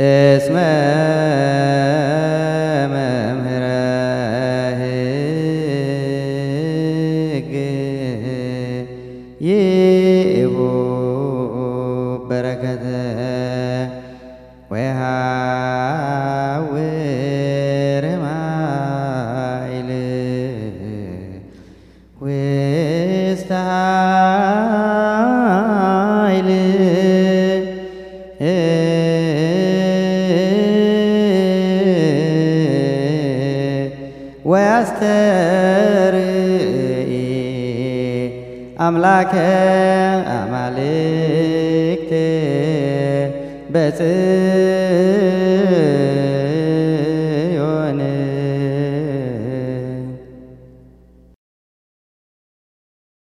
እስመ መምህረ ሕግ ይእቡ በረከተ ወየሐውር ማይል ውስተ ኃይል ወያስተር አምላከ አማልክት በጽ